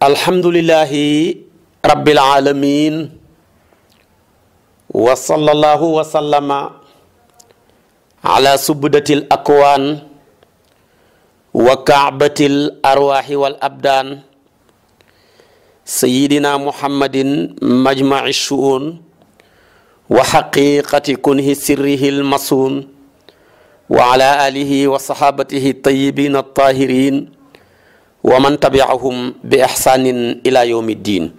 alhamdulillahi rabbil alamin wa sallallahu wa sallama ala subdatil akwaan wa kaabatil arwaaxi wal abdaan sayidina muhammadin majmaci shuun wa xaqiqati kunhi sirrihi lmasuun wa ala alihi wa saxaabatihi tayibiin attahirin wa man tabiahum bi ihsanin ila yawmi diin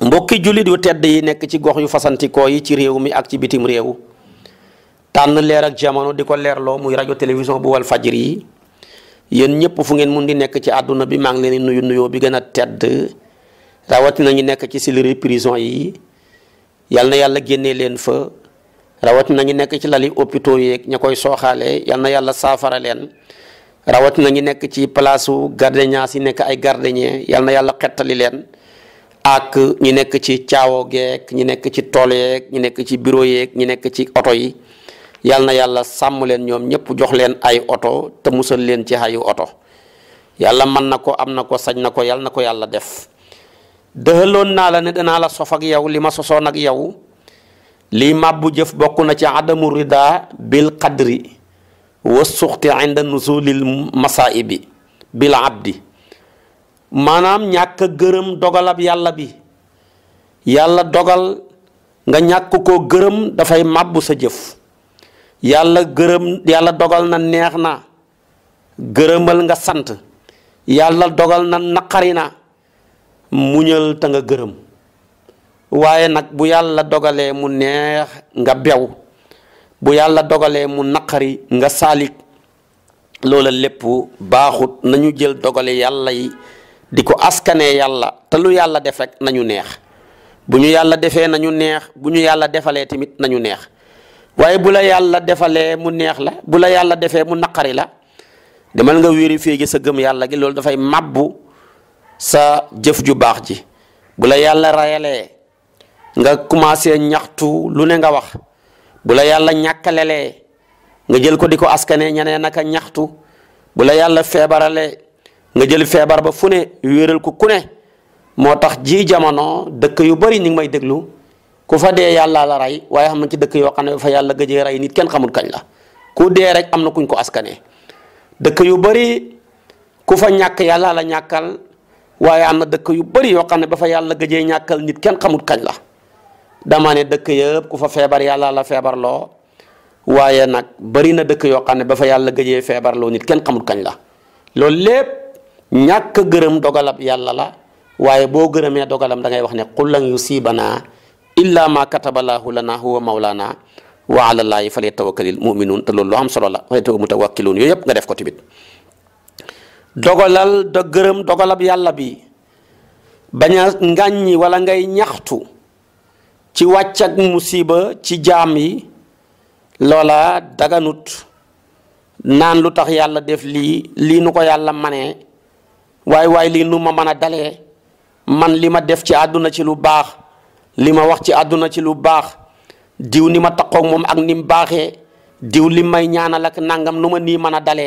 mbokki jullit yu tedd yi nekk ci gox yu fasantikoo yi ci réew mi ak ci bitim réew tànn leer ak jamono di ko leerloo muy rajo télévision bu wal fajir yi yéen ñëpp fu ngeen mun di nekk ci àdduna bi maa ngi leen di nuyu nuyoo bi gën a tedd rawatina ñu nekk ci siliri prison yi yal na yàlla génne leen fa rawatina nañu nekk ci lali hôpitaux yeeg ña koy sooxaale yal na yàlla saafara leen rawat na ñu nekk ci palaasu gardenias yi nekk ay gardenier yal na yàlla xettali leen ak ñu nekk ci caawo geek ñu nekk ci tool yeeg ñu nekk ci bureau yeeg ñu nekk ci oto yi yal na yàlla sàmm leen ñoom ñëpp jox leen ay oto te musal leen ci ayu oto yàlla mën na ko am na ko sañ na ko yal na ko yàlla def dëxaloon naa la ne danaa la sof ak yow li ma sosoon ak yow lii màbbu jëf bokk na ci adamu rida bil qadri wa suxti inda nusulil masaibi bil abdi maanaam ñàkk gërëm dogalab yàlla bi yàlla dogal nga ñàkk ko gërëm dafay màbbu sa jëf yàlla gërëm yàlla dogal na neex na gërëmal nga sant yàlla dogal na naqari na muñal te nga gërëm waaye nag bu yàlla dogalee mu neex nga bew bu yàlla dogalee mu naqari nga saalik loola lépp baaxut nañu jël dogale yàlla yi di ko askanee yàlla te lu yàlla def rek nañu neex bu ñu yàlla defee nañu neex bu ñu yàlla defalee tamit nañu neex waaye bu la yàlla defalee mu neex la bu la yàlla defee mu naqari la demal nga vérifier gi sa gëm yàlla gi loolu dafay màbbu sa jëf ju baax ji bu la yàlla rayalee nga commencé ñaxtu lu ne nga wax bu la yàlla ñàkkalelee nga jël ko di ko askane ñeneen naka ñaxtu bu la yàlla feebarale nga jël feebar ba fu ne wéeral ko ku ne moo tax ji jamono dëkk yu bari ñu may déglu ku fa dee yàlla la rey waaye xam na ci dëkk yoo xam ne fa yàlla gëjee rey nit kenn xamul kañ la ku dee rek am na kuñ ko askanee dëkk yu bari ku fa ñàkk yàlla la ñàkkal waaye am na dëkk yu bari yoo xam ne ba fa yàlla gëjee ñàkkal nit kenn xamul kañ la dama ne dëkk yëpp ku fa feebar yàlla la feebarloo waaye nag bari na dëkk yoo xam ne ba fa yàlla gëjee feebarloo nit kenn xamul kañ la lool lépp ñàkk gërëm dogalab yàlla la waaye boo gërëmee dogalam da ngay wax ne qul lan yusibanaa illa ma katabalaahu lana huwa mawlana wa ala llaahi fali tawakkalil muminuun te loolu lu am solo la xeetu mutawakkiluun yëpp nga def ko tamit dogalal da yàlla bi bañ a ngàññi ngay ñaxtu ci wàcc ak musiba ci jaam yi loola daganut naan lu tax yàlla def lii lii nu ko yàlla manee waaye waay lii nu ma mën a dale man li ma def ci àdduna ci lu baax li ma wax ci àdduna ci lu baax diw ni ma taqoog moom ak ni mu baaxee diw li may ñaanal ak nangam lu ma nii mën a dale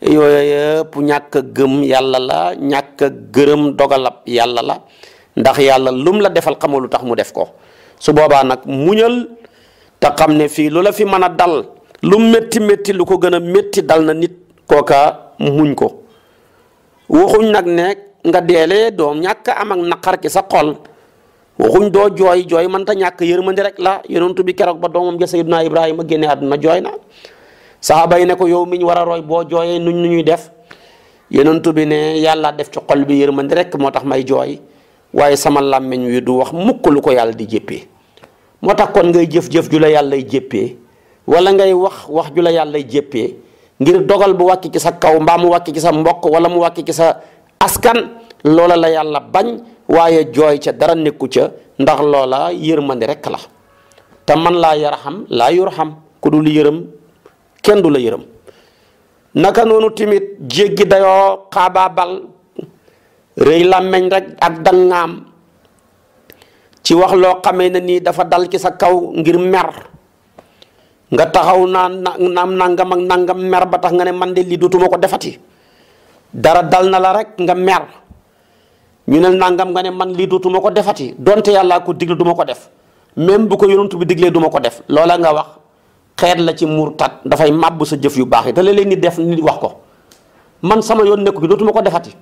yooyu yëpp ñàkk gëm yàlla la ñàkk gërëm dogalab yàlla la ndax yàlla lum la defal xamoo lu tax mu def ko su boobaa nag muñal te xam ne fii lu la fi mën a dal lu metti métti lu ko gën a metti dal na nit kooka muñ ko waxuñ nag ne nga deelee doo ñàkk am ak naqar ki sa xol waxuñ doo jooy jooy mënta ñàkk yërmandi rek la yonentu bi keroog ba doomam ja sayyiduna ibrahima génne àdduna jooy na sahaaba yi ne ko yow miñ war a roy boo jooyee nuñ nu ñuy def yonentu bi ne yàlla def ci xol bi yërmandi rek moo tax may jooy waaye sama làmmiñ wi du wax mukk lu ko yàlla di jéppee moo tax kon ngay jëf-jëf ju la yàllay jéppee wala ngay wax wax ju la yàllay jéppee ngir dogal bu wàcc ci sa kaw mbaa mu wàcc ci sa mbokk wala mu wàcc ci sa askan loola la yàlla bañ waaye jooy ca dara nekku ca ndax loola yërmande rekk la te man laa xam laa xam ku dul yërëm kenn du la yërëm naka noonu tamit jéggi dayoo xaabaabal rëy làmmeñ rek ak dangaam ci wax loo xamee ne nii dafa dal ci sa kaw ngir mer nga taxaw naan naam nangam ak nangam mer ba tax nga ne man de lii dootuma ko defati dara dal na la rek nga mer ñu ne nangam nga ne man lii dootuma ko defati donte yàllaa ko digle duma ko def même bu ko yonantu bi diglee duma ko def loola nga wax xeet la ci murtat dafay màbb sa jëf yu baax yi te léeg-léeg ni def nit wax ko man sama yoon nekku bi dootuma ko defati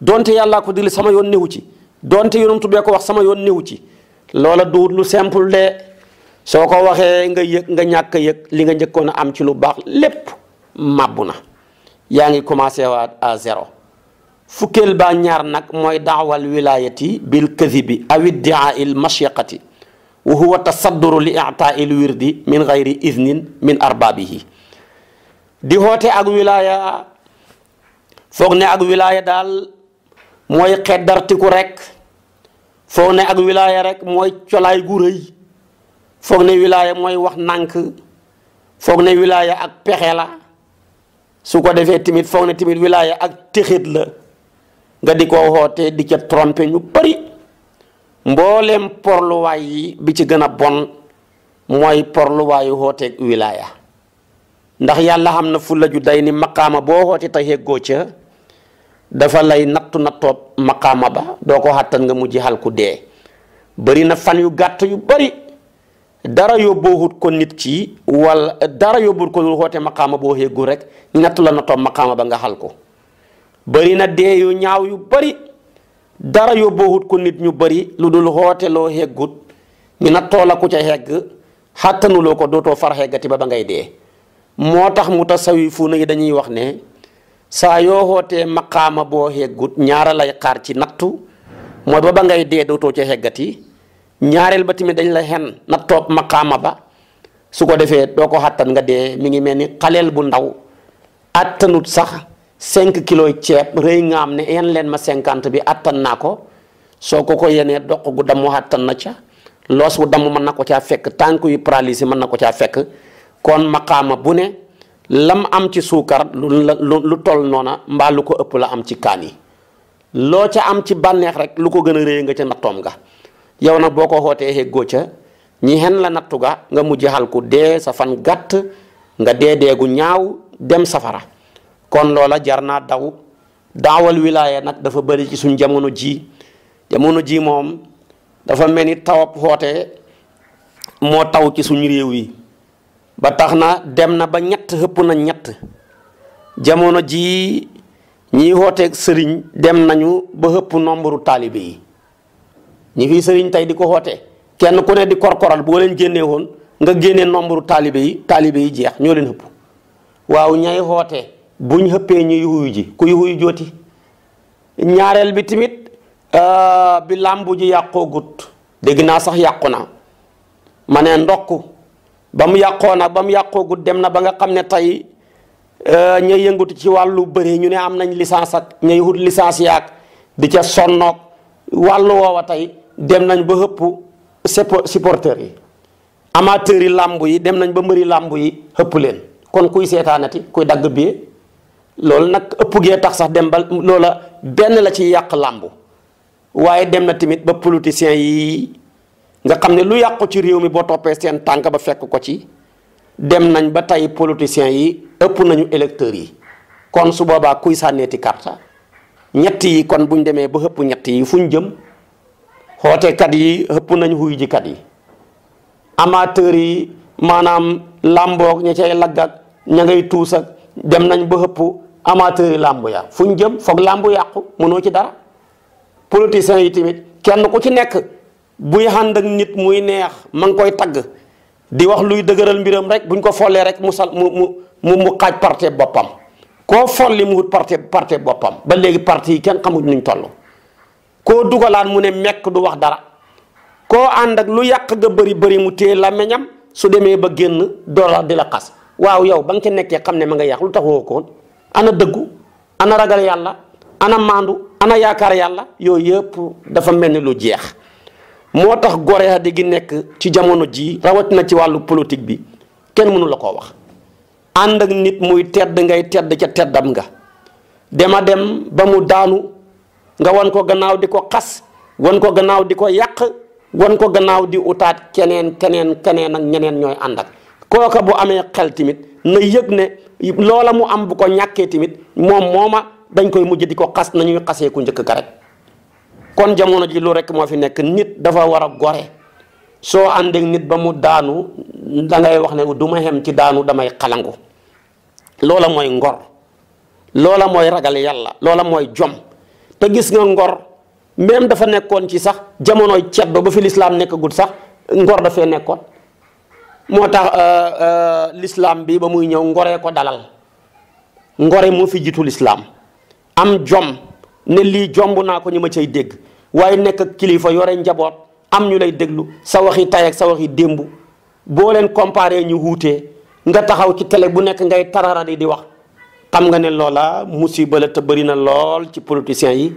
donte yàllaa ko dili sama yoon newu ci donte yonent bee ko wax sama yoon newu ci loola duut lu simple de soo ko waxee nga yëg nga ñàkk yëg li nga njëkkoon a am ci lu baax lépp màbbu na yaa ngi commencé waat à zéro fukkeel baa ñaar nag mooy daawal wilayati bil kadhibi aw iddia il mashiqati wa huwa tasadduru li i'taai il wirdi min gayri idnin min arbaabihi di hoote ak wilaya foog ne ak wilaya daal mooy xeddartiku rek foog ne ak wilaaya rek mooy colaay gu rëy foog ne wilaaya mooy wax nànk foog ne wilaaya ak pexe la su ko defee tamit foog ne tamit wilaaya ak téxit la nga di ko xootee di ca trompé ñu bari mboolem porluwaay yi bi ci gën a bon mooy porluwaayu wooteeg wilaaya ndax yàlla xam na fu la day ni makaama boo wootee te yeggoo ca dafa lay nattu nattoob makaama ba doo ko xàttan nga mujj xal dee bëri na fan yu gàtt yu bëri dara yóbboowut ko nit ki wala dara yóbbuwut ko lu xoote maqaama boo xéegul rekk nattu la nattoob maqaama ba nga xal ko bëri na dee yu ñaaw yu bari dara yóbboowut ko nit ñu bari lu dul xoote loo xeggut ñu nattoo la ku ca xegg xàttanuloo ko dootoo far xeggati ba ba ngay dee moo tax mu tasawifuuna yi dañuy wax ne saa yoo xootee maqaama boo heggut ñaara lay xaar ci nattu mooy ba ba ngay dee dootoo ca heggati ñaareel ba tamit dañ la xen nattoob maqaama ba su ko defee doo ko xattan nga dee mi ngi mel ni xaleel bu ndaw attanut sax 5 kilos ceeb rëy nga am ne yen leen ma cinquante bi attan naa ko soo ko ko yenee doq gu damu attan na ca loos wu damu mën na ko caa fekk tànk yu paralysé mën na ko caa fekk kon maqaama bu ne lam am ci suukar lu toll noona mbaa lu ko ëpp la am ci kaani loo ca am ci bànneex rek lu ko gën a réy nga ca nattoom ga yow nag boo ko xootee xeggoo ca ñi xen la nattu ga nga mujj xal ku dee sa fan gàtt nga dee deegu ñaaw dem safara kon loola jar naa daw daawal wilaaye nag dafa bari ci suñ jamono ji jamono ji moom dafa mel ni tawab xoote moo taw ci suñ réew yi ba tax na dem na ba ñett xëpp nañ ñett jamono ji ñiy xooteeg sëriñ dem nañu ba xëpp nombre taalibe yi ñi fii sëriñ tey di ko xoote kenn ku ne di korkoral boo leen génnee woon nga génnee nombre taalibe yi taalibe yi jeex ñoo leen xëpp waaw ñay xoote buñ xëppee ñu yuxuyu ji ku yuxuyu ñaareel bi tamit euh, bi làmbu yàqoo gut dégg naa sax yàqu na ma ne ndokk ba mu yàqoo nag ba mu yàqoogut dem na ba nga xam ne tey euh, ñay yëngatu ci wàllu bëri ñu ne am nañ licence ak ñay wut licence yaag di ca sonnoog wàllu woowa tey dem nañ ba xëpp supporteurs yi amateurs yi làmb yi dem nañ ba mbëri làmbu yi xëpp leen kon kuy seetaanati kuy dagg bi loolu nag ëpp gee tax sax dem ba loola benn la ci yàq làmbu waaye dem na tamit ba politiciens yi nga xam ne lu yàqu ci réew mi boo toppee seen tànk ba fekk ko ci dem nañ ba tey politiciens yi ëpp nañu électeurs yi kon su boobaa kuy sànneeti karta ñett yi kon buñ demee ba ëpp ñetti yi fuñ jëm kat yi ëpp nañ xuy ji kat yi amateurs yi maanaam làmbook ña cay laggak ña ngay tuus dem nañ ba ëpp amateurs yi làmb ya fuñ jëm foog làmb yàqu mënoo ci dara politiciens yi tamit kenn ku ci nekk bu ànd ak nit muy neex ma ngi koy tagg di wax luy dëgëral mbiram rek buñ ko follee rek mu sal mu mu mu xaaj parte boppam koo folli mu wut parte parte boppam ba léegi parti yi kenn xamuñ nuñ toll koo dugalaat mu ne mekk du wax dara koo ànd ak lu yàq nga bëri bëri mu téye làmmeñam su demee ba génn doola di la xas waaw yow ba nga ca nekkee xam ne ma nga yàq lu tax woo koon ana dëggu ana ragal yàlla ana maandu ana yaakaar yàlla yooyu yëpp dafa mel ni lu jeex moo tax di gi nekk ci jamono jii rawatina ci wàllu politique bi kenn mënu la koo wax ànd ak nit muy tedd ngay tedd ca teddam nga dema dem ba mu daanu nga wan ko gannaaw di ko xas wan ko gannaaw di ko yàq wan ko gannaaw di utaat keneen keneen keneen ak ñeneen ñooy ànd ak kooka bu amee xel tamit na yëg ne loola mu am bu ko ñàkkee tamit moom mooma dañ koy mujj di ko xas nañuy xasee ku njëkk ka rek kon jamono ji lu rek moo fi nekk nit dafa war a gore soo àndeek nit ba mu daanu da ngay wax ne du ma xem ci daanu damay xalangu loola mooy ngor loola mooy ragal yàlla loola mooy jom te gis nga ngor même dafa nekkoon ci sax jamonoy ceddo ba fi lislaam nekkagul sax ngor dafay nekkoon moo tax euh, euh, lislaam bi ba muy ñëw ngoree ko dalal ngore moo fi jiitu lislaam am jom ne lii jomb naa ko ñu ma cay dégg waaye nekk ak kilifa yore njaboot am ñu lay déglu sa waxi tay ak sa waxi démb boo leen comparer ñu wuutee nga taxaw ci tele bu nekk ngay yi di wax xam nga ne loola musiba la te bëri na lool ci politiciens yi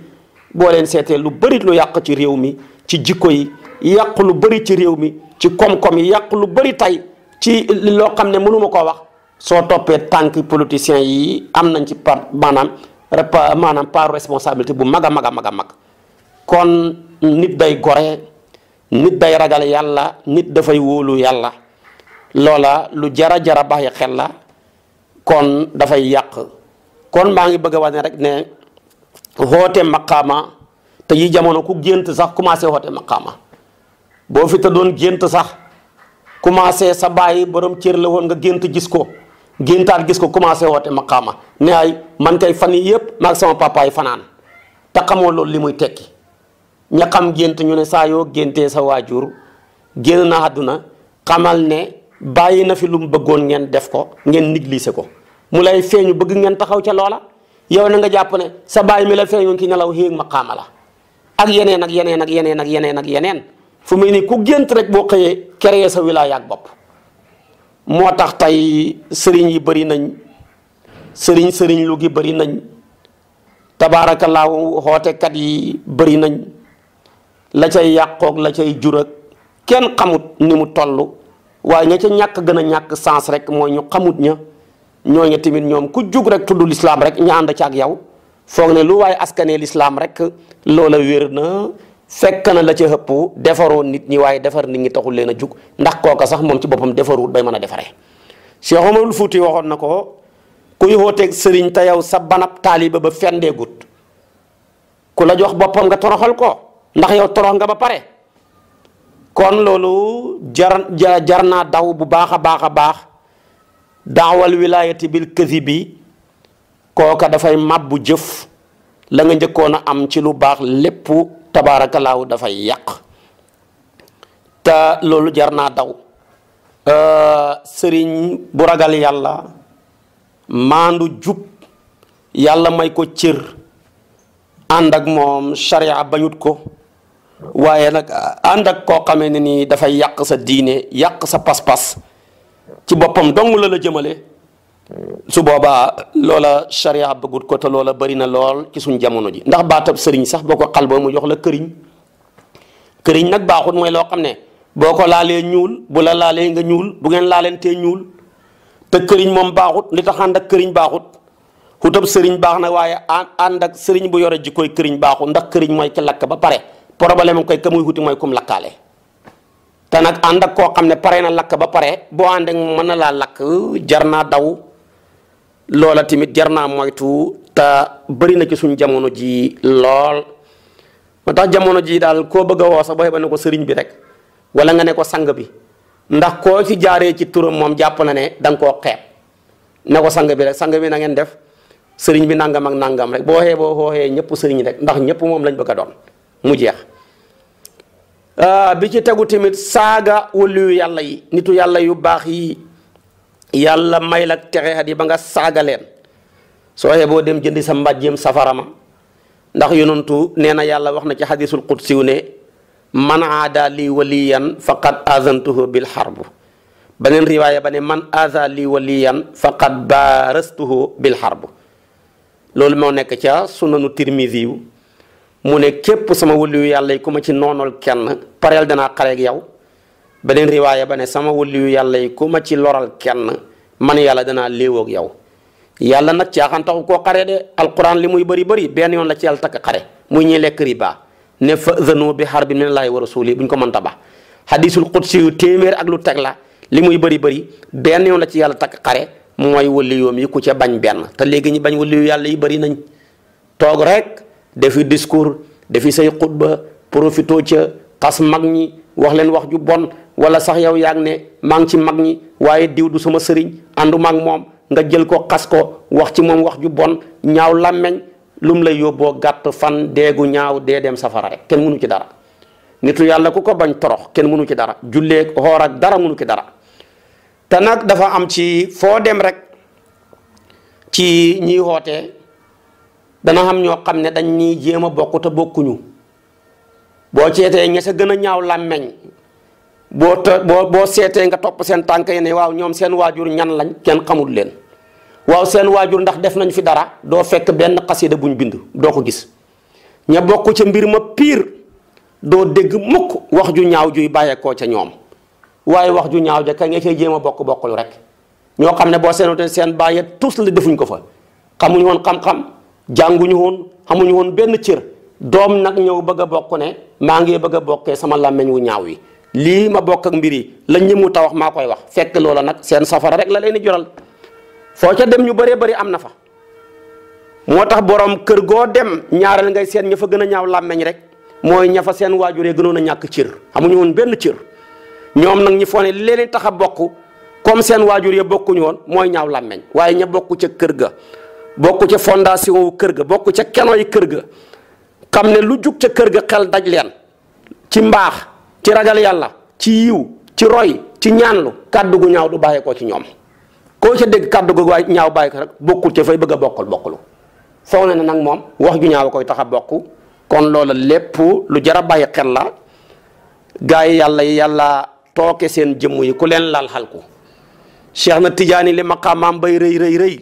boo leen seetee lu bëri lu yàq ci réew mi ci jikko yi yàq lu bëri ci réew mi ci koom-koom yi yàqu lu bëri tey ci loo xam ne mënuma koo wax soo toppee tànk politiciens yi am nañ ci par maanaam repa maanaam par responsabilité bu mag a mag mag a kon nit day gore nit day ragal yàlla nit dafay wóolu yàlla loola lu jara jara bàyyi xel la kon dafay yàq kon maa ngi bëgg a wane rek ne xoote maqaama te yi jamono ku gént sax commencé xoote maqaama boo fi te doon gént sax commencé sa bàyyi borom cër la woon nga gént gis ko géntaat gis ko commencé woote maqaama ne ay man kay fan yii yëpp maag sama papa fanaan te xamoo loolu li muy tekki ña xam gént ñu ne saa yoo géntee sa waajur génn na àdduna xamal ne bàyyi na fi lu mu bëggoon ngeen def ko ngeen négliger ko mu lay feeñu bëgg ngeen taxaw ca loola yow na nga jàpp ne sa bàyyi mi la feeñoon ki nelaw héeg maqaama la ak yeneen ak yeneen ak yeneen ak yeneen ak yeneen fu muy ni ku gént rek boo xëyee créer sa wilaayaak bopp moo tax tey sëriñ yi bari nañ sëriñ sëriñ lu gi bari nañ tabaarakallaahu xootekat yi bëri nañ la cay yàqook la cay jurak kenn xamut ni mu toll waaye ña ca ñàkk gën a ñàkk sens rek mooy ñu xamut ña ñooñu tamit ñoom ku jug rek tudd lislaam rek ñu ànd ci ak yow foog ne lu waaye askanee lislaam rek loola wér na fekk na la ca xëpp defaroon nit ñi waaye defar nit ñi taxul leen a jug ndax kooka sax moom ci boppam defaruwut bay mën a defaree Cheikh Omarul Fuuti waxoon na ko kuy xóoteeg sëriñ te yow sa banab taaliba ba fendee gut ku la jox boppam nga toroxal ko ndax yow torox nga ba pare kon loolu jar jar naa daw bu baax a baax a baax daawal wilaayati bil kësi bi kooka dafay màbbu jëf la nga njëkkoon a am ci lu baax lépp tabaarakallaahu dafay yàq te loolu jar naa daw euh, sëriñ bu ragal yàlla maandu jub yàlla may ko cër ànd moom sharia bañut ko waaye nag ànd koo xamee ne nii dafay yàq sa diine yàq sa pas-pas ci boppam dong la la jëmale su boobaa loola sharia bëggut ko te loola bari na lool ci suñ jamono ji ndax baatab sëriñ sax boo ko xal boo mu jox la këriñ këriñ nag baaxut mooy loo xam ne boo ko laalee ñuul bu la laalee nga ñuul bu ngeen laalentee ñuul te këriñ moom baaxut li tax ànd ak këriñ baaxut xutab sëriñ baax na waaye ànd ak sëriñ bu yore ji koy këriñ baaxut ndax këriñ mooy ki lakk ba pare problème am koy ka muy xuti mooy kum lakkaale te nag ànd ak koo xam ne pare na lakk ba pare boo ànd ak mën na laa lakk jar naa daw loola tamit jar naa moytu te bëri na ci suñ jamono ji lool moo tax jamono ji daal koo bëgg a woo sax booy ba ne ko sëriñ bi rek wala nga ne ko sang bi ndax koo ci jaaree ci turam moom jàpp na ne danga koo xeet ne ko sang bi rek sang bi na ngeen def sëriñ bi nangam ak nangam rek boo xee boo xooxee ñëpp sëriñ rek ndax ñëpp moom lañ bëgg a doon mu jeex ah, bi ci tegu tamit saaga waliyu yàlla yi nitu yàlla yu baax yi yàlla may la texeexat yi ba nga saaga soo xeeboo dem jëndi sa mbàjjeem safarama ndax yonantu nee na yàlla wax na ci xadisul qudsiw ne man aada lii waliyan faqad azantuhu bil xarb ba ne man aada lii waliyan faqad baarastuhu bil xarb loolu moo nekk ca sunanu tirmisi mu ne képp sama waliyu yàlla yi ku ma ci noonal kenn pareel danaa xareeg yow beneen riwaaya ba ne sama waliyu yàlla yi ku ma ci loral kenn man yàlla danaa léewoog yow yàlla nag caaxaan taxu koo xare de alquran li muy bëri bëri benn yoon la ci yàlla takk xare muy ñuy lekk riba ne fa bi xar bi minallaahi wa rasuli bu ñu ko mënta ba hadisul qudsi yu téeméer ak lu teg li muy bëri bëri benn yoon la ci yàlla takk xare mooy waliyoom yi ku ca bañ benn te léegi ñi bañ waliyu yàlla yi bari nañ toog rek defi discours defi say xutba profito ca tas mag ñi wax leen wax ju bon wala sax yow yaa ne maa ngi ci mag ñi waaye diw du sama sëriñ ànduma ak moom nga jël ko xas ko wax ci moom wax ju bon ñaaw làmmeñ lu mu lay yóbboo gàtt fan deegu ñaaw dee dem safara rek kenn mënu ci dara nitu yàlla ku ko bañ torox kenn mënu ci dara jullee xoor ak dara mënu ci dara te nag dafa am ci foo dem rek ci ñiy xootee dana xam ñoo xam ne dañ ñuy jéem a bokk bokkuñu boo ceetee ña sa gën a ñaaw làmmeñ boo to boo boo seetee nga topp seen tànk yi ne waaw ñoom seen waajur ñan lañ kenn xamul leen waaw seen waajur ndax def nañ fi dara doo fekk benn xasida buñ bind doo ko gis ña bokk ca mbir ma piir doo dégg mukk wax ju ñaaw juy bàyyeekoo ca ñoom waaye wax ju ñaaw ja ka nga cay jéem a bokk bokkul rek ñoo xam ne boo seenoon seen bàyyee tous la defuñ ko fa xamuñu woon xam-xam jànguñu woon xamuñu woon benn cër doom nag ñëw bëgg a bokk ne maa ngi bëgg a bokkee sama làmmiñ wu ñaaw yi lii ma bokk ak mbir yi la ñëmu ta wax maa koy wax fekk loola nag seen safara rek la leen di jural foo ca dem ñu baree bëri am na fa moo tax boroom kër goo dem ñaareel ngay seen ña fa gën a ñaaw làmmeñ rek mooy ña fa seen waajuree gënoon a ñàkk cër amuñu woon benn cër ñoom nag ñi foo ne tax a bokk comme seen waajur ya bokkuñu woon mooy ñaaw làmmeñ waaye ña bokku ca kër ga bokku ca fondation wu kër ga bokku ca keno kër ga xam ne lu jug ca kër ga xel daj leen ci mbaax ci ragal yàlla ci yiw ci roy ci ñaanlu kàddu gu ñaaw du bàyyi ko ci ñoom koo ca dëgg kàddu gu ñaaw bàyyi ko rek bokkul ca fay bëgg a bokkal bokkulu foog na ne nag moom wax ju ñaaw koy tax a bokk kon loola lépp lu jar a bàyyi xel la gaa yi yàlla yàlla tooke seen jëmm yi ku leen laal xal ko Cheikh na Tijaani li maqaamaam bay rëy rëy rëy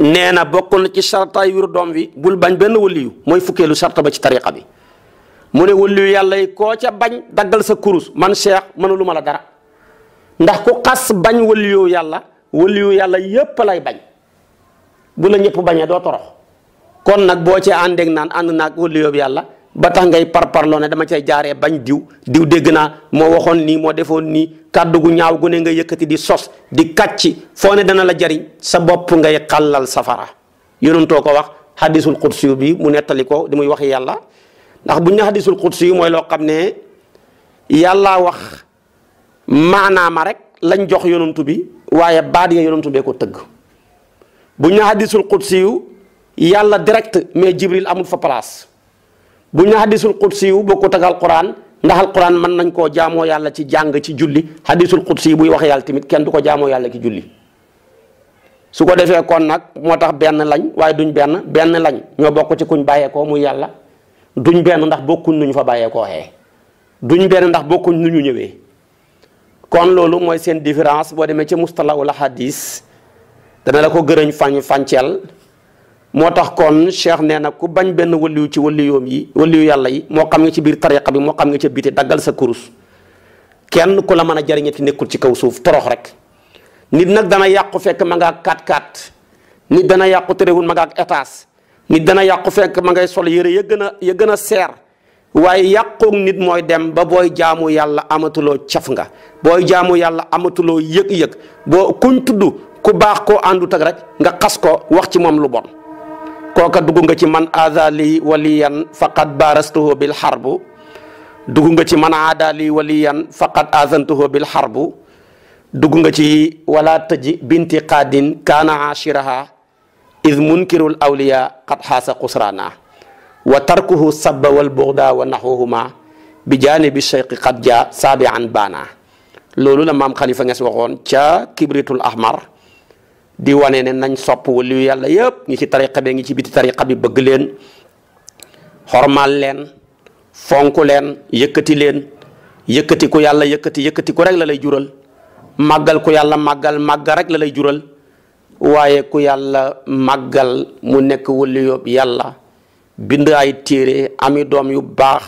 nee na bokk na ci sartaay wiru doom wi bul bañ benn waliyu mooy fukkeelu sarta ba ci tariqa bi mu ne wëllu yàlla yi koo ca bañ daggal sa kurus man cheikh mënulu ma la dara ndax ku xas bañ wëllu yàlla wëllu yàlla yépp lay bañ bu la ñëpp bañee doo torox kon nag boo cee àndeek naan ànd naag wëllu yàlla ba tax ngay loo ne dama cay jaaree bañ diw diw dégg naa moo waxoon nii moo defoon nii kàddu gu ñaaw gu ne nga yëkkati di sos di kàcci foo ne dana la jariñ sa bopp ngay xàllal safara yonentoo ko wax hadisul qudsi bi mu nettali ko di wax yàlla ndax bu ñu ne hadisul qudsi yi mooy loo xam ne yàlla wax maanaama rek lañ jox yonantu bi waaye baat ya yonantu bee ko tëgg bu ñu ne hadisul qudsi yu yàlla direct mais jibril amul fa place bu ñu ne hadisul qudsi yu bokkut ak alquran ndax alquran mën nañ koo jaamoo yàlla ci jàng ci julli hadisul qudsi yi buy waxee yàlla tamit kenn du ko jaamoo yàlla ci julli su ko defee kon nag moo tax benn lañ waaye duñ benn benn lañ ñoo bokk ci kuñ bàyyeekoo muy yàlla duñ benn ndax bokkuñ nu ñu fa bàyyee koo xee duñ benn ndax bokkuñ nu ñu ñëwee kon loolu mooy seen différence boo demee ci mustalahul hadis dana la ko gërëñ fañ fànceel moo tax kon cheikh nee na ku bañ benn waliyu ci waliyóom yi waliyu yàlla yi moo xam nga ci biir tariqa bi moo xam nga ca biti daggal sa kurus kenn ku la mën a ti nekkul ci kaw suuf torox rek nit nag dana yàqu fekk ma nga ak nit dana yàqu terewul ma nga nit dana yàqu fekk ma ngay sol yére ya gën a ya gën a seer waaye yàqoog nit mooy dem ba booy jaamu yàlla amatuloo caf nga booy jaamu yàlla amatuloo yëg-yëg boo kuñ tudd ku baax koo àndut ak rek nga xas ko wax ci moom lu bon kooka dugg nga ci man aada li waliyan faqad baarastuhu bil xarbu dugg nga ci man aada lii waliyan faqad aazantuhu bil xarbu dugg nga ci wala tëji binti qaadin kaana ashiraha id munkirul awliya qad xaasa xusraana wa tarkuhu sabba wal buxda wa naxuhuma bi jaanibi cheyqi ja jaa saabian baana loolu la maam Khalifa Niass waxoon ca kibritul ahmar di wane ne nañ sopp waliyu yàlla yëpp ñi ci tariqa bi ngi ci biti tariqa bi bëgg leen xormaal leen fonk leen yëkkati leen yëkkati ku yàlla yëkkati yëkkati ku rek la lay jural màggal ku yàlla màggal màgga rek la lay jural waaye ku yàlla màggal mu nekk wëli yóob yàlla bind ay téere ami doom yu baax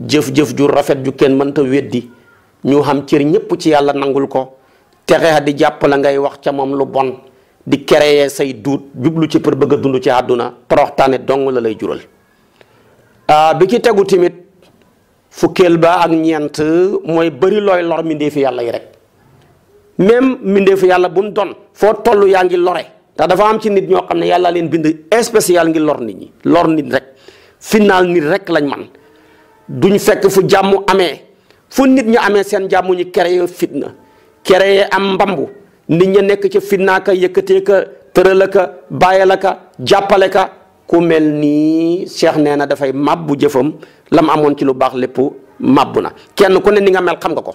jëf-jëf ju rafet ju kenn mënta weddi ñu xam cër ñépp ci yàlla nangul ko texe di jàpp la ngay wax ca moom lu bon di créer say duut jublu ci pour bëgg a dund ci àdduna toroxtaane dong la lay jural ah, bi ci tegu tamit fukkeel ba ak ñeent mooy bëri looy lor mi ndee fi yàlla yi rek même mbindeefu yàlla bu mu doon foo toll yaa ngi lore te dafa am ci nit ñoo xam ne yàlla leen bind spécial ngi lor nit ñi lor nit rek final nit rek lañ man duñ fekk fu jàmm amee fu nit ñi amee seen jàmmuñu ñu créé fitna créé am mbambu nit ñi nekk ci fitnaa ka yëkkatee ka tërala jàppale ka ku mel nii Cheikh nee na dafay màbbu jëfam lam amoon ci lu baax lépp màbbu na kenn ku ne ni nga mel xam nga ko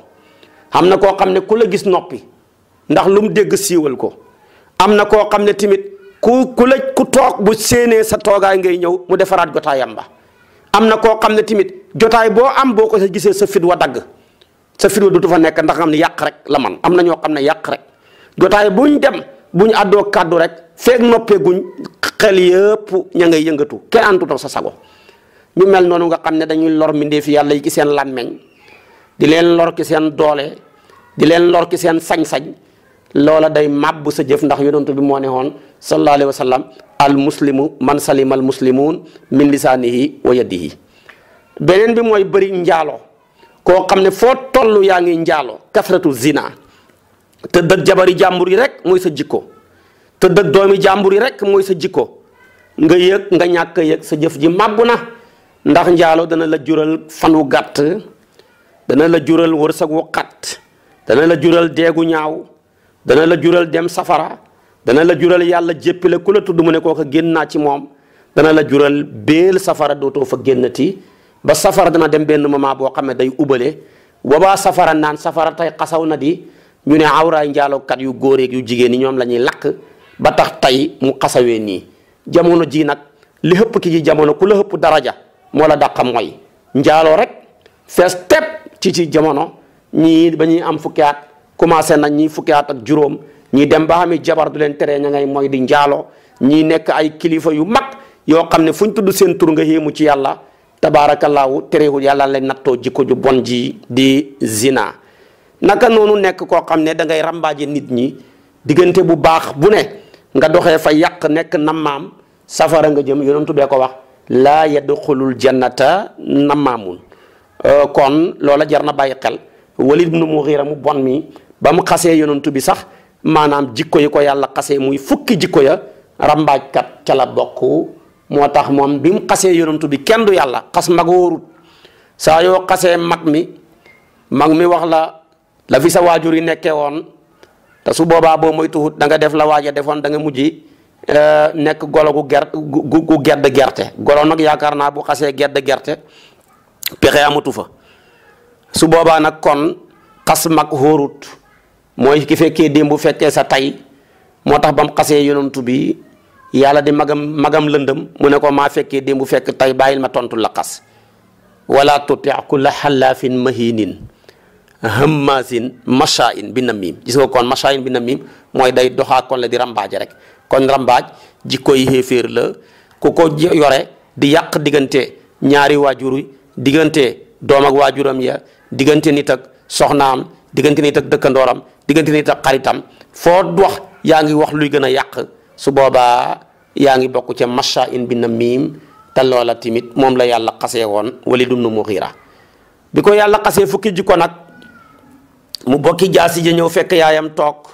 am na koo xam ne ku la gis noppi ndax lu mu dégg siiwal ko am na koo xam ne tamit ku ku la ku toog bu séenee sa toogaay ngay ñëw mu defaraat jotaayam ba am na koo xam ne tamit jotaay boo am boo ko sa gisee sa fit wa dagg sa fit wa du fa nekk ndax xam ne yàq rek la man am na ñoo xam ne yàq rek jotaay buñ dem buñ àddoo kàddu rek feeg noppee guñ xel yëpp ña ngay yëngatu kenn antutam sa sago ñu mel noonu nga xam ne dañuy lor fi yàlla yi ci seen làmmeñ di leen lor seen doole di leen lor seen sañ-sañ loola day màbb sa jëf ndax yonent bi moo ne woon sallallahu alayhi wa sallam al muslimu man salima al muslimun min lisaanihi wa yadihi beneen bi mooy bari njaalo koo xam ne foo toll yaa ngi njaalo kasratu zina te dëgg jabari jàmbur yi rek mooy sa jikko te dëgg doomi jàmbur yi rek mooy sa jikko nga yëg nga ñàkk a yëg sa jëf ji màbb na ndax njaalo dana la jural fan wu gàtt dana la jural wërsëg wu xat dana la jural deegu ñaaw dana la jural dem safara dana la jural yàlla jéppile ku la tudd mu ne koo kooka génn naa ci moom dana la jural béel safara dootoo fa génn ti ba safara dana dem benn moment boo xam ne day ubale boobaa safara naan safara tey xasaw na di ñu ne awraay njaalookat yu góor ak yu jigéen ñi ñoom la ñuy lakk ba tax tey mu xasawee nii jamono ji nag li xëpp ki ji jamono ku la xëpp daraja moo la dàqa mooy njaaloo rek ci jamono ñii ba ñuy am fukkiyaat at commencé nañ ñii fukkiyaat ak juróom ñii dem ba xami jabar du leen teree ña ngay mooy di njaaloo ñii nekk ay kilifa yu mag yoo xam ne fu ñu tudd seen tur nga yéemu ci yàlla tabaarakallaahu terewul yàlla lay nattoo jikko ju bon ji di zina naka noonu nekk koo xam ne da ngay rambaaje nit ñi diggante bu baax bu ne nga doxee fa yàq nekk nammaam safara nga jëm yonentu bee ko wax laa yadxulul jannata nammaamun Euh, kon loola jar na bàyyi xel Walid ibnu nu mu bon mi ba mu xasee yonantu bi sax maanaam jikko yi ko yàlla xasee muy fukki jikko ya rambaajkat ca la bokk moo tax moom bi mu xasee yonantu bi kenn du yàlla xas mag wóorut saa yoo xasee mag mi mag mi wax la la fi sa waajur yi nekkee woon te su boobaa boo moytuwut da nga def la waaja defoon da nga mujj euh, nekk golo gu ger gu gedd gerte golo nag yaakaar naa bu xasee gedd gerte pexe amatu fa su boobaa nag kon xas mag xóorut mooy ki fekkee démb bu fekkee sa tey moo tax ba mu xasee yonantu bi yàlla di magam magam lëndëm mu ne ko maa fekkee démb bu fekk tay bàyyil ma tontu la xas wala tuti kulla xallaafin mahinin hammaasin mashaa'in bi namim gis nga kon mashaa'in bi namim mooy day doxaa kon la di rambaaj rek kon rambaaj jikko yi xéeféer la ku ko yore di yàq diggante ñaari waajur yi diggante doom ak waajuram ya diggante nit ak soxnaam diggante nit ak dëkkandooram diggante nit ak xaritam foo wax yaa ngi wax luy gën a yàq su boobaa yaa ngi bokk ca macha in bi na miim te loola tamit moom la yàlla xasee woon Walid ibn Mughira bi ko yàlla xasee fukki jikko nag mu bokki jaasi ja ñëw fekk yaayam toog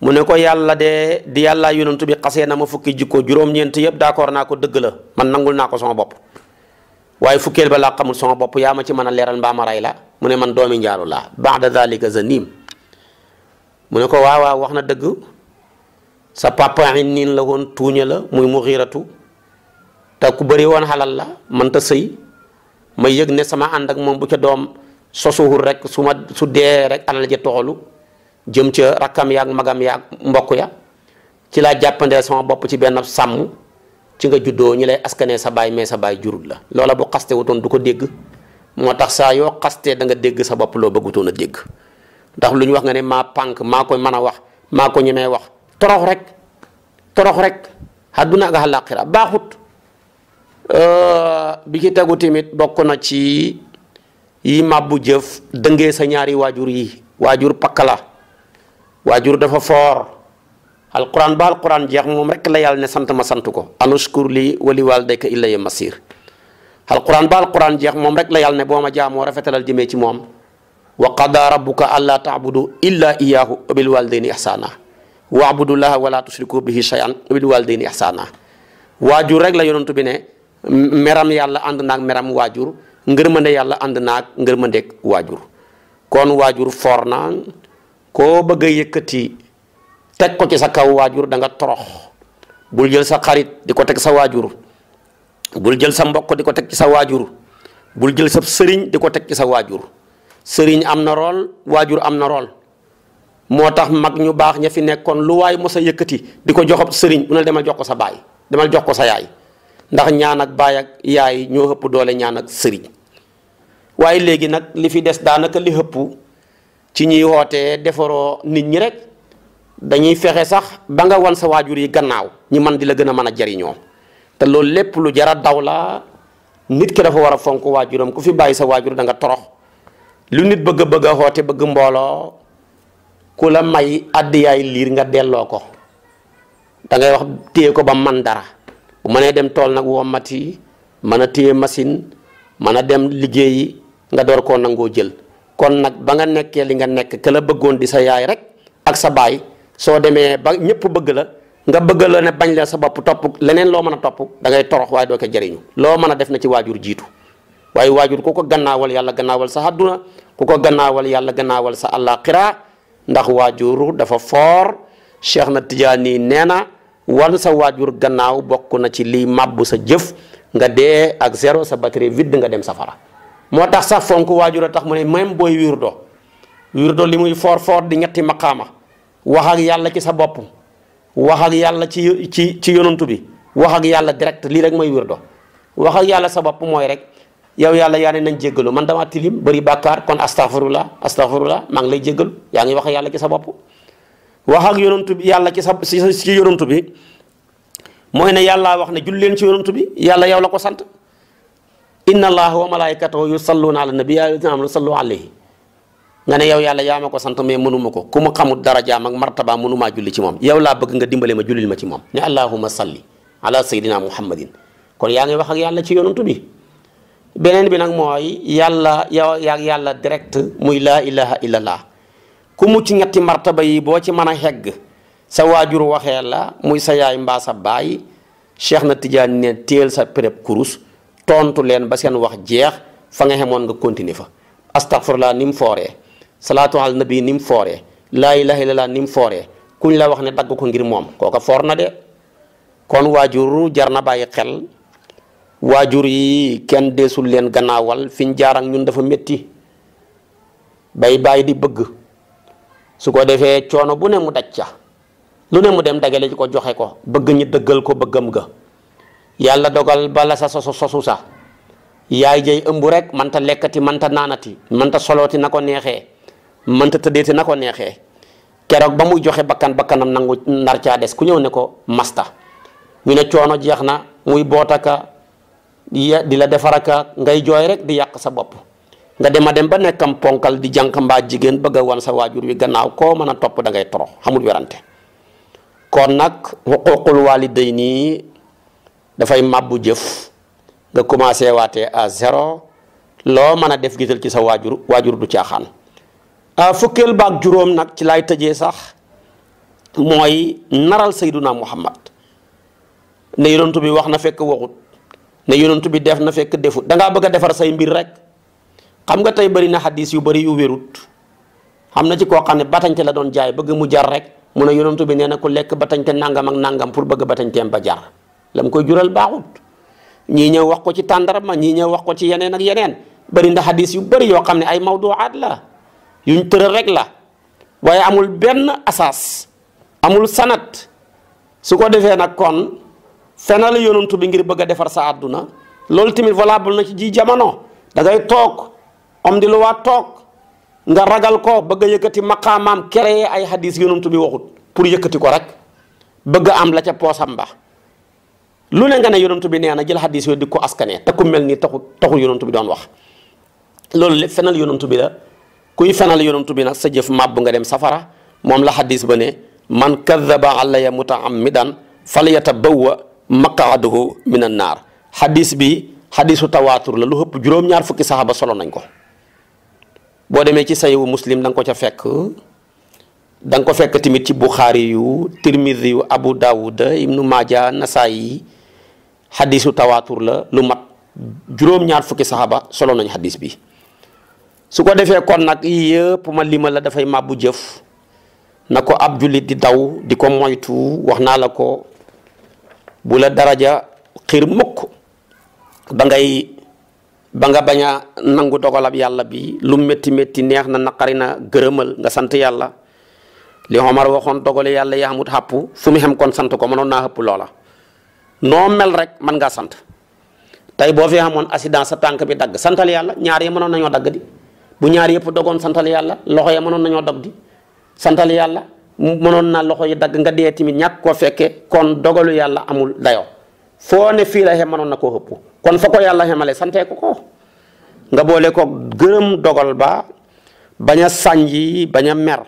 mu ne ko yàlla de di yàlla yonantu bi xasee na ma fukki jikko juróom-ñeent yëpp d'accord naa ko dëgg la man nangul naa ko sama bopp waaye fukkeel ba laa xamul sama bopp yaa ma ci mën a leeral mbaa ma ray la mu ne man doomi njaaru laa baada dalika zanim mu ne ko waaw wax na dëgg sa papa niin la woon tuuña la muy mu xiiratu te ku bëri woon xalal la man ta sëy ma yëg ne sama ànd ak moom bu ca doom sosuwul rek su ma su dee rek alal ja toxalu jëm ca rakkam yaag magam yaag mbokk ya ci laa jàppandee sama bopp ci benn sàmm ci nga juddoo ñu lay askanee sa baay mais sa baay jurut la loola bu xaste wutoon du ko dégg moo tax saa yoo xastee da nga dégg sa bopp loo bëggutoon a dégg ndax lu ñu wax nga ne maa pànk maa ko mën a wax maa ko ñemee wax torox rek torox rek àdduna ak àllaaxira baaxut euh, bi ci tegu tamit bokk na ci yi màbbu jëf dëngee sa ñaari waajur yi waajur pakk la waajur dafa foor alquran ba alquran jeex moom rek la yàlla ne sant ma sant ko anushkur li wali waalidayka ilayya masir alquran ba alquran jeex moom rek la yàlla ne boo ma jaamoo rafetalal jëmee ci moom wa qada rabbuka alla taabudu illa iyahu wa bil walidayni ihsana wa abudullaha wala tushriku bihi shay'an wa bil walidayni ihsana waajur rek la yonentu bi ne meram yàlla ànd naag meram waajur ngërmande yàlla ànd naag ngërmandeeg waajur kon waajur foor na koo bëgg a yëkkati teg ko ci sa kaw waajur danga torox bul jël sa xarit di ko teg sa waajur bul jël sa mbokk di ko teg ci sa waajur bul jël sa sëriñ di ko teg ci sa waajur sëriñ am na rool waajur am na rool moo tax mag ñu baax ña fi nekkoon lu waay mos a yëkkati di ko jox sëriñ bu ne demal jox ko sa baay demal jox ko sa yaay ndax ñaan ak baay ak yaay ñoo ëpp doole ñaan ak sëriñ waaye léegi nag li fi des daanaka li ëpp ci ñuy wootee defaroo nit ñi rek dañuy fexe sax ba nga wan sa waajur yi gannaaw ñi man di la gën a mën a jariñoo te loolu lépp lu jara daw la nit ki dafa war a fonk waajuram ku fi bàyyi sa waajur da nga torox lu nit bëgg bëgg a te bëgg mbooloo ku la may addiyaay liir nga delloo ko dangay wax téye ko ba man dara bu mënee dem tool nag woo mati mën a téye machine mën a dem liggéey nga door koo nangoo jël kon nag ba nga nekkee li nga nekk ka la bëggoon di sa yaay rek ak sa baay soo demee ba ñëpp bëgg la nga bëgg la ne bañ la sa bopp topp leneen loo mën a topp dangay ngay torox waaye doo ko jëriñu loo mën a def na ci waajur jiitu waaye waajur ku ko gannaawal yàlla gannaawal sa àdduna ku ko gannaawal yàlla gannaawal sa àllaaxira ndax waajur dafa foor Cheikh na Tijaani nee na wan sa waajur gannaaw bokk na ci liy màbbu sa jëf nga dee ak zéro sa batterie vide nga dem safara moo tax sax fonk waajur a tax mu ne même booy wirdo wirdo li muy foor foor di ñetti maqaama wax ak yàlla ci sa bopp wax ak yàlla ci ci ci yonantu bi wax ak yàlla direct lii rek mooy wirdo wax ak yàlla sa bopp mooy rek yow yàlla yaa ne nañ jéggalu man damaa tilim bari bàkkaar kon astaghfirullah astaghfirullah maa ngi lay jéggalu yaa ngi wax yàlla ci sa bopp wax ak yonantu bi yàlla ci sa ci yonantu bi mooy ne yàllaa wax ne jul leen ci yonantu bi yàlla yow la ko sant inna allaha wa malaikatahu yusalluna ala nabi yaa sallu alayhi nga ne yow yàlla yaa ma ko sant mais mënuma ko ku mu xamul darajaam ak martaba mënumaa julli ci moom yow laa bëgg nga dimbale ma jullil ma ci moom ne allahuma salli ala sayyidina muhammadin kon yaa ngi wax ak yàlla ci yonantu bi beneen bi nag mooy yàlla yow yaag yàlla direct muy laa ilaha illallah ku mu ci ñetti martaba yi boo ci man a xegg sa waajur waxee la muy sa yaay mbaa sa baay cheikh na tijaani ne téel sa péréb kurus tontu leen ba seen wax jeex fa nga xemoon nga continuer fa astaghfirullah ni mu fooree salaatu na nabi ni mu fooree laa ilaha illallah ni mu fooree kuñ la wax ne dagg ko ngir moom kooka foor na de kon waajur jar na bàyyi xel waajur yi kenn deesul leen gannaawal fi jaar ak ñun dafa metti bay bàyyi di bëgg su ko defee coono bu ne mu daj ca lu ne mu dem dagale ci ko joxe ko bëgg ñi dëggal ko bëggam ga yàlla dogal bala sa sosu sa yaay jëy ëmb rek manta lekkati manta naanati manta solooti na ko neexee mënta tëddee te na ko neexee keroog ba muy joxe bakkan bakkanam nangu nar caa des ku ñëw ne ko masta ñu ne coono jeex na muy bootaka di la defaraka ngay jooy rek di yàq sa bopp nga dem a dem ba nekkam ponkal di janq mbaa jigéen bëgg a wan sa waajur wi gannaaw koo mën a topp dangay ngay torox xamul werante kon nag xuququl waaliday nii dafay màbbu jëf nga commencé waate à zéro loo mën a def gisal ci sa waajur waajur du caaxaan Euh, fukkeel baag juróom nag ci laay tëjee sax mooy naral sayduna muhammad ne yonentu bi wax na fekk waxut ne yonentu bi def na fekk defut dangaa bëgg defar say mbir rek xam nga tey bëri na xadis yu bëri yu wérut xam na ci koo xam ne batañte la doon jaay bëgg mu jar rek mu ne yonentu bi nee na ku lekk batañte nangam ak nangam pour bëgg batañteem ba jar lam koy jural baaxut ñii ñëw wax ko ci ma ñii ñëw wax ko ci yeneen ak yeneen bëri na xadis yu bari yoo xam ne ay mawduaat la yuñ tëral rek la waaye amul benn assas amul sanat su ko defee nag kon fenal yonantu bi ngir bëgg defar sa àdduna loolu tamit valable na ci ji jamono da ngay toog am di lu waa toog nga ragal ko bëgg a yëkkati maqaamaam créé ay hadis yonantu bi waxut pour yëkkati ko rek bëgg am la ca poosam ba lu ne nga ne yonantu bi neex na jël hadis yooyu di ko askanee te ku mel nii taxu taxu yonantu bi doon wax loolu lépp fenal yonantu bi la. kuy fenal yonantu bi nag sa jëf màbb nga dem safara moom la xadis ba ne man kadaba alaya a falyatabawwa maqaadahu min an naar xadis bi xadisu tawaatur la lu ëpp juróom-ñaar fukki saxaaba solo nañ ko boo demee ci sayiwu muslim da nga ko ca fekk da ko fekk tamit ci buxaari yu tirmidi yu abu daawuda ibnu maaja nasaayi xadisu tawaatur la lu mat juróom-ñaar fukki saxaaba soloon nañ xadis bi su ko defee kon nag yii yëpp ma lima la dafay màbbu jëf na ko ab jullit di daw di ko moytu wax naa la ko bu la daraja xiir mukk ba ngay ba nga bañ a nangu dogalab yàlla bi lu metti métti neex na naqari na gërëmal nga sant yàlla li Omar waxoon dogale yàlla yaa xamut xàpp fu mu xem kon sant ko mënoon naa xëpp loola noo mel rek mën ngaa sant tey boo fi xamoon accident sa tànk bi dagg santal yàlla ñaar yi mënoon nañoo dagg di bu ñaar yëpp dogoon santal yàlla loxo ya mënoon nañoo dog di santal yàlla mënoon na loxo yi dagg nga dee tamit ñàkk koo fekkee kon dogalu yàlla amul dayo foo ne fii la xem mënoon na koo xëpp kon fa ko yàlla xemale santee ko ko nga boole ko gërëm dogal ba bañ a sànji bañ mer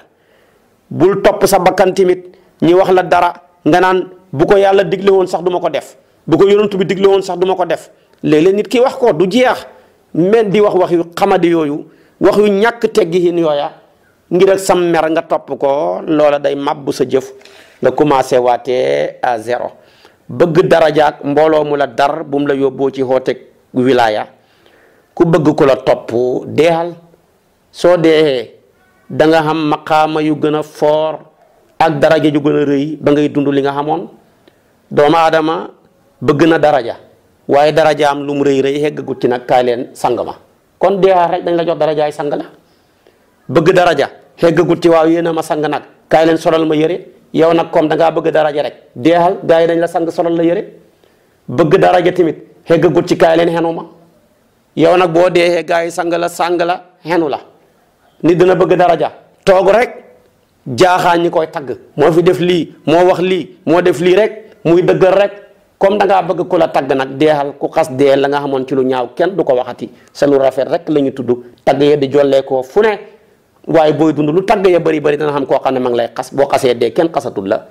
bul topp sa bakkan tamit ñi wax la dara nga naan bu ko yàlla digle woon sax duma ko def bu ko yonent bi digle woon sax duma ko def léeg nit ki wax ko du jeex men di wax wax xamadi yooyu wax yu ñàkk teggihin yooya ngir ak sam mer nga topp ko loola day màbbu sa jëf nga commencé waatee à zéro bëgg darajaak mbooloo mu la dar bu la yóbboo ci xooteeg wilaaya ku bëgg ko la topp deexal soo deexee da nga xam maqaama yu gën a foor ak daraja yu gën a rëy ba ngay dund li nga xamoon doomu aadama bëgg na daraja waaye daraja am lu mu rëy rëy xeggagut ci nag kaay leen sang ma kon deeyaa rek dañ la jox darajaay sang la bëgg daraja xeggagut ci waaw yéen a ma sang nag kaay leen solal ma yére yow nag comme dangaa bëgg daraja rek deexal gars yi dañ la sang solal la yére bëgg daraja tamit xeggagut ci kaay leen xenu ma yow nag boo deexee gars yi sang la sang la xenu la nit dina bëgg daraja toog rek jaaxaan ñi koy tagg moo fi def lii moo wax lii moo def lii rek muy dëggal rek comme dangaa bëgg ku la tagg nag deexal ku xas dee la nga xamoon ci lu ñaaw kenn du ko waxati seen lu rafet rek la ñu tudd tagg ya di jollee koo fu ne waaye booy dund lu tagg ya bëri bëri dana xam koo xam ne ma ngi lay xas boo xasee dee kenn xasatul la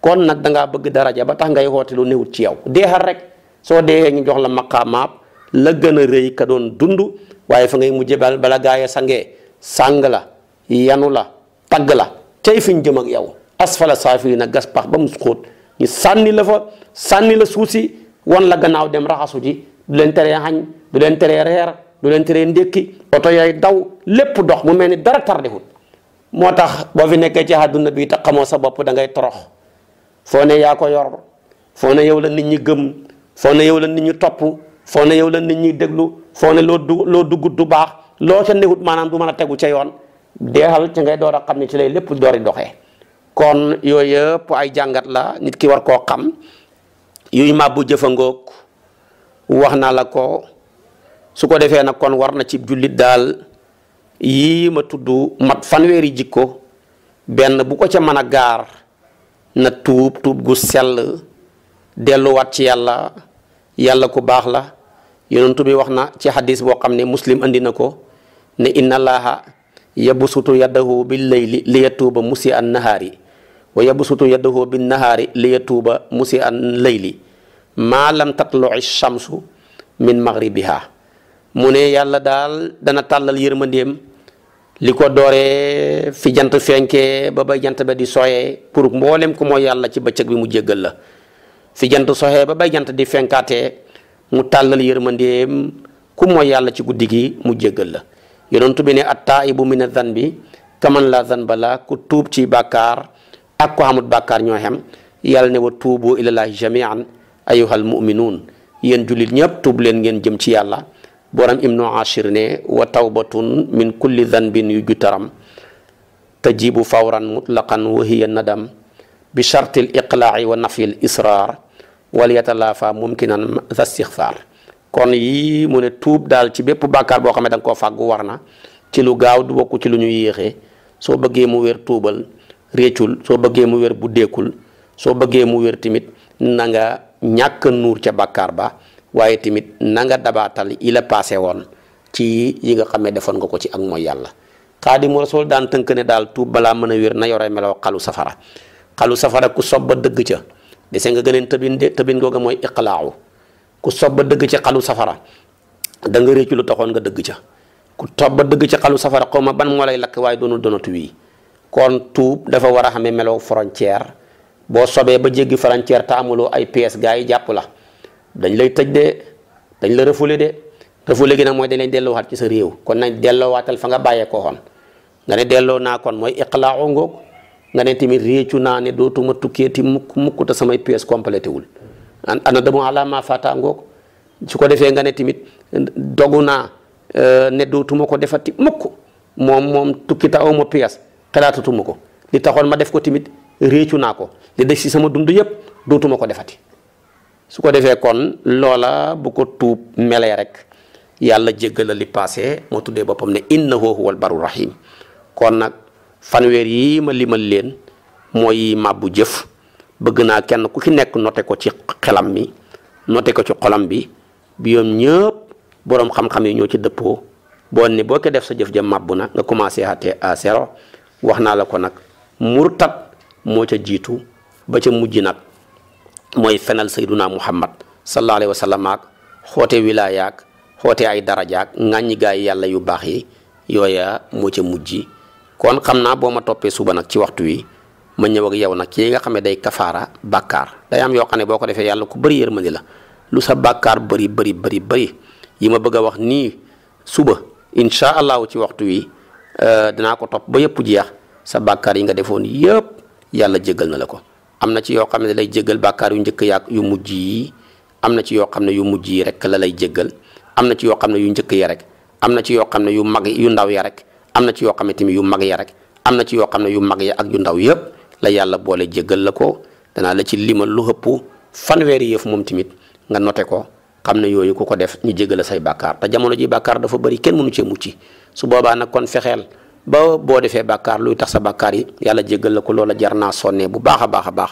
kon nag dangaa bëgg daraja ba tax ngay woote lu newut ci yow deexal rek soo deexee ñu jox la maqaamaab la gën a rëy ka doon dund waaye fa ngay mujjee bal bala gaaya sangee sàng la yanu la tagg la tey fi ñu jëm ak yow asfala saafili na gas pax ba mu xóot ñu sànni la fa sànni la suuf si wan la gannaaw dem raxasu ji du leen teree xañ du leen teree reer du leen teree ndékki oto yaay daw lépp dox mu mel ni dara tardewut moo tax boo fi nekkee ci àdduna bi te xamoo sa bopp dangay ngay torox foo ne yaa ko yor foo ne yow la nit ñi gëm foo ne yow la nit ñi topp foo ne yow la nit ñi déglu foo ne loo du loo duggut du baax loo ca newut maanaam du mën a tegu ca yoon deexal ci ngay door a xam ne ci lay lépp doori doxee kon yooyu yëpp ay jàngat la nit ki war koo xam yuy màbbu jëfangook wax na la ko su ko defee nag kon war na ci jullit daal yii ma tudd mat fanweeri jikko benn bu ko ca mën a gaar na tuub tuub gu sell delluwaat ci yàlla yàlla ku baax la yonentu bi wax na ci xadis boo xam ne muslim indi na ko ne inna yabsutu yadahu bil layli li yatuuba musi an nahaari wa yabsutu yadahu bin nahaari li yatuuba musi an layli maa lam tatluci shamsu min maghribiha mu ne yàlla daal dana tàllal yërmandeem li ko doore fi jant fenkee ba ba jant ba di soxee pour mboolem ku mooy yàlla ci bëccëg bi mu jéggal la fi jant soxee ba ba jant di fenkaatee mu tàllal yërmandeem ku mooy yàlla ci guddi gi mu jéggal la yonentu bi ne attaa'ibu mina zanbi kaman la zanba la ku tuub ci bàkkaar ak ku xamut bàkkaar ñoo xem yàlla ne wa tuubu ilallaahi jamian ayyuhal muminuun yéen jullit ñëpp tuub leen ngeen jëm ci yàlla borom ibnu ashir ne wa tawbatun min kulli zanbin yu jutaram tajibu fawran mutlaqan wa hiya nadam bi charti l iqlaai wa nafyi l israr wal yatalaafa mumkinan za istixfaar kon yii mu ne tuub daal ci bépp bàkkaar boo xam ne da nga koo fàggu war na ci lu gaaw du bokk ci lu ñu yéexee soo bëggee mu wér tuubal réccul soo bëggee mu wér bu deekul soo bëggee mu wér tamit na nga ñàkk nuur ca bàkkaar ba waaye tamit na nga dabaatal yi la paase woon ci yi nga xam ne defoon nga ko ci ak mooy yàlla xaadimu soo daan tënk ne daal tuub balaa mën a wér na yore meloo xalu safara xalu safara ku sob ba dëgg ca dese nga gëneen tëbin de tëbin googa mooy iqlaawu ku sob ba dëgg ci xalu safara da nga réccu lu taxoon nga dëgg ca ku sob ba dëgg ci xalu safara xaw ma ban moo lay lakk waaye doonul donatu wii kon tuub dafa war a xamee melow frontière boo sobee ba jéggi frontière te ay pièces gars yi jàpp la dañ lay tëj de dañ la refoulé de refoulé gi nag mooy dañ lay delloowaat ci sa réew kon nañ delloowaatal fa nga bàyyeekoo xoon nga ne delloo naa kon mooy iqlaaxu ngoog nga ne tamit réccu naa ne dootuma tukkeeti mukk mukk te samay pièces complété wul ana damu ala ma su ko defee nga ne tamit dogu naa eh, ne dootuma ko defati mukk moom moom tukki ta awma piyas xalaatatuma ko di taxoon ma def ko tamit réccu naa ko li des ci sama dund yëpp dootuma ko defati su ko defee kon loola bu ko tuub melee rek yàlla jéggala li passé moo tuddee boppam ne innahu huwal baru rahim kon nag fanweer yi ma limal leen mooy màbbu jëf bëgg naa kenn ku ci nekk noté ko ci xelam mi noté ko ci xolam bi bi yoom ñëpp boroom xam-xam yi ñoo ci dëppoo boo ni boo ko def sa jëf ja màbbu na nga commencé àtte à zéro wax naa la ko nag murtat moo ca jiitu ba ca mujj nag mooy fenal sayduna muhammad sallallahu alayhi wa sallam ak xoote wilaayaak xoote ay darajaak ŋàññi gaa yàlla yu baax yi yooya moo ci mujj kon xam naa boo ma toppee suba nag ci waxtu wi ma ñëw ak yow nag ci yi nga xam ne day kafaara bàkkaar day am yoo xam ne boo ko defee yàlla ku bëri yërmandi la lu sa bàkkaar bari bari bari bëri yi ma bëgg a wax nii suba incha allahu ci waxtu wi euh, dinaa ko topp ba yëpp jeex sa bakkaar yi nga defoon yëpp yàlla jéggal na la ko am na ci yoo xam ne lay jéggal bàkkaar yu njëkk yaak yu mujj yi am na ci yoo xam ne yu mujj yi rek la lay jéggal am na ci yoo xam ne yu njëkk ya rek am na ci yoo xam ne yu mag yu ndaw ya rek am na ci yoo xam ne tamit yu mag ya rek am na ci yoo xam ne yu mag ya ak yu ndaw yëpp la yàlla boole jéggal la ko danaa la ci limal lu hëpp fanweeri yëf moom tamit nga note ko xam ne yooyu ku ko def ñu jéggal say bàkkaar te jamono ji bàkkaar dafa bëri kenn mënu cee ci su boobaa nag kon fexeel ba boo defee bàkkaar luy tax sa bakkaar yi yàlla jéggal la ko loola jar naa sonnee bu baax a baax a baax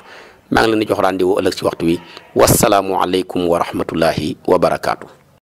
maa ngi leen di jox rendez-vous ëllëg ci waxtu wi wasalaamu aleykum wa rahmatullahi wa barakaatu.